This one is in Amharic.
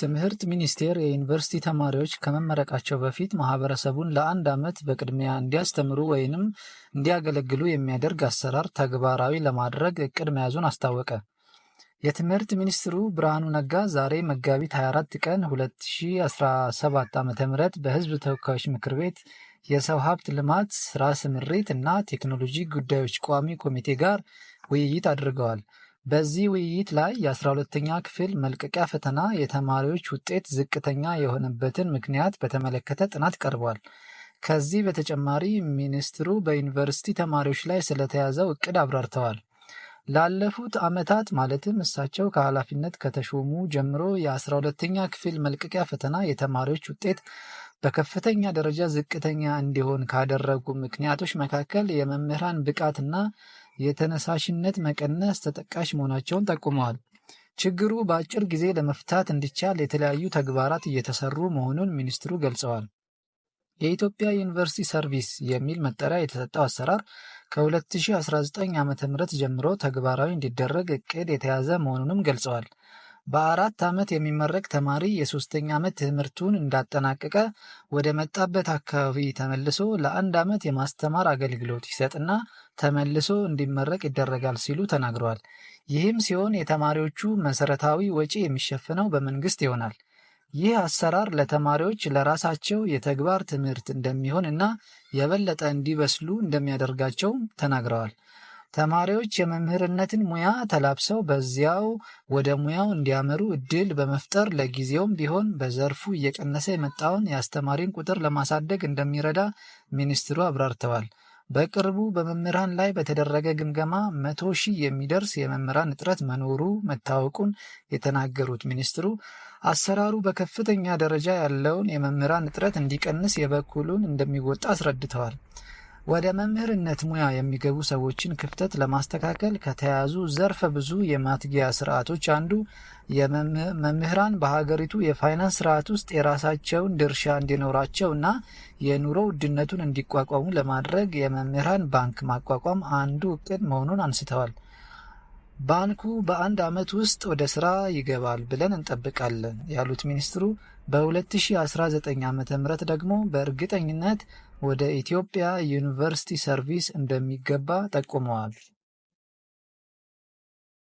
ትምህርት ሚኒስቴር የዩኒቨርሲቲ ተማሪዎች ከመመረቃቸው በፊት ማህበረሰቡን ለአንድ ዓመት በቅድሚያ እንዲያስተምሩ ወይንም እንዲያገለግሉ የሚያደርግ አሰራር ተግባራዊ ለማድረግ እቅድ መያዙን አስታወቀ። የትምህርት ሚኒስትሩ ብርሃኑ ነጋ ዛሬ መጋቢት 24 ቀን 2017 ዓ ም በህዝብ ተወካዮች ምክር ቤት የሰው ሀብት ልማት ስራ ስምሪት እና ቴክኖሎጂ ጉዳዮች ቋሚ ኮሚቴ ጋር ውይይት አድርገዋል። በዚህ ውይይት ላይ የ12ኛ ክፍል መልቀቂያ ፈተና የተማሪዎች ውጤት ዝቅተኛ የሆነበትን ምክንያት በተመለከተ ጥናት ቀርቧል። ከዚህ በተጨማሪ ሚኒስትሩ በዩኒቨርሲቲ ተማሪዎች ላይ ስለተያዘው እቅድ አብራርተዋል። ላለፉት ዓመታት ማለትም እሳቸው ከኃላፊነት ከተሾሙ ጀምሮ የ12ኛ ክፍል መልቀቂያ ፈተና የተማሪዎች ውጤት በከፍተኛ ደረጃ ዝቅተኛ እንዲሆን ካደረጉ ምክንያቶች መካከል የመምህራን ብቃትና የተነሳሽነት መቀነስ ተጠቃሽ መሆናቸውን ጠቁመዋል። ችግሩ በአጭር ጊዜ ለመፍታት እንዲቻል የተለያዩ ተግባራት እየተሰሩ መሆኑን ሚኒስትሩ ገልጸዋል። የኢትዮጵያ ዩኒቨርሲቲ ሰርቪስ የሚል መጠሪያ የተሰጠው አሰራር ከ2019 ዓ.ም ጀምሮ ተግባራዊ እንዲደረግ እቅድ የተያዘ መሆኑንም ገልጸዋል። በአራት ዓመት የሚመረቅ ተማሪ የሶስተኛ ዓመት ትምህርቱን እንዳጠናቀቀ ወደ መጣበት አካባቢ ተመልሶ ለአንድ ዓመት የማስተማር አገልግሎት ይሰጥና ተመልሶ እንዲመረቅ ይደረጋል ሲሉ ተናግረዋል። ይህም ሲሆን የተማሪዎቹ መሰረታዊ ወጪ የሚሸፍነው በመንግስት ይሆናል። ይህ አሰራር ለተማሪዎች ለራሳቸው የተግባር ትምህርት እንደሚሆን እና የበለጠ እንዲበስሉ እንደሚያደርጋቸውም ተናግረዋል። ተማሪዎች የመምህርነትን ሙያ ተላብሰው በዚያው ወደ ሙያው እንዲያመሩ እድል በመፍጠር ለጊዜውም ቢሆን በዘርፉ እየቀነሰ የመጣውን የአስተማሪን ቁጥር ለማሳደግ እንደሚረዳ ሚኒስትሩ አብራርተዋል። በቅርቡ በመምህራን ላይ በተደረገ ግምገማ መቶ ሺህ የሚደርስ የመምህራን እጥረት መኖሩ መታወቁን የተናገሩት ሚኒስትሩ አሰራሩ በከፍተኛ ደረጃ ያለውን የመምህራን እጥረት እንዲቀንስ የበኩሉን እንደሚወጣ አስረድተዋል። ወደ መምህርነት ሙያ የሚገቡ ሰዎችን ክፍተት ለማስተካከል ከተያዙ ዘርፈ ብዙ የማትጊያ ስርዓቶች አንዱ መምህራን በሀገሪቱ የፋይናንስ ስርዓት ውስጥ የራሳቸውን ድርሻ እንዲኖራቸው እና የኑሮ ውድነቱን እንዲቋቋሙ ለማድረግ የመምህራን ባንክ ማቋቋም አንዱ እቅድ መሆኑን አንስተዋል። ባንኩ በአንድ ዓመት ውስጥ ወደ ስራ ይገባል ብለን እንጠብቃለን ያሉት ሚኒስትሩ በ2019 ም ደግሞ በእርግጠኝነት ወደ ኢትዮጵያ ዩኒቨርሲቲ ሰርቪስ እንደሚገባ ጠቁመዋል።